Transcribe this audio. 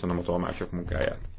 Köszönöm a tolmácsok munkáját.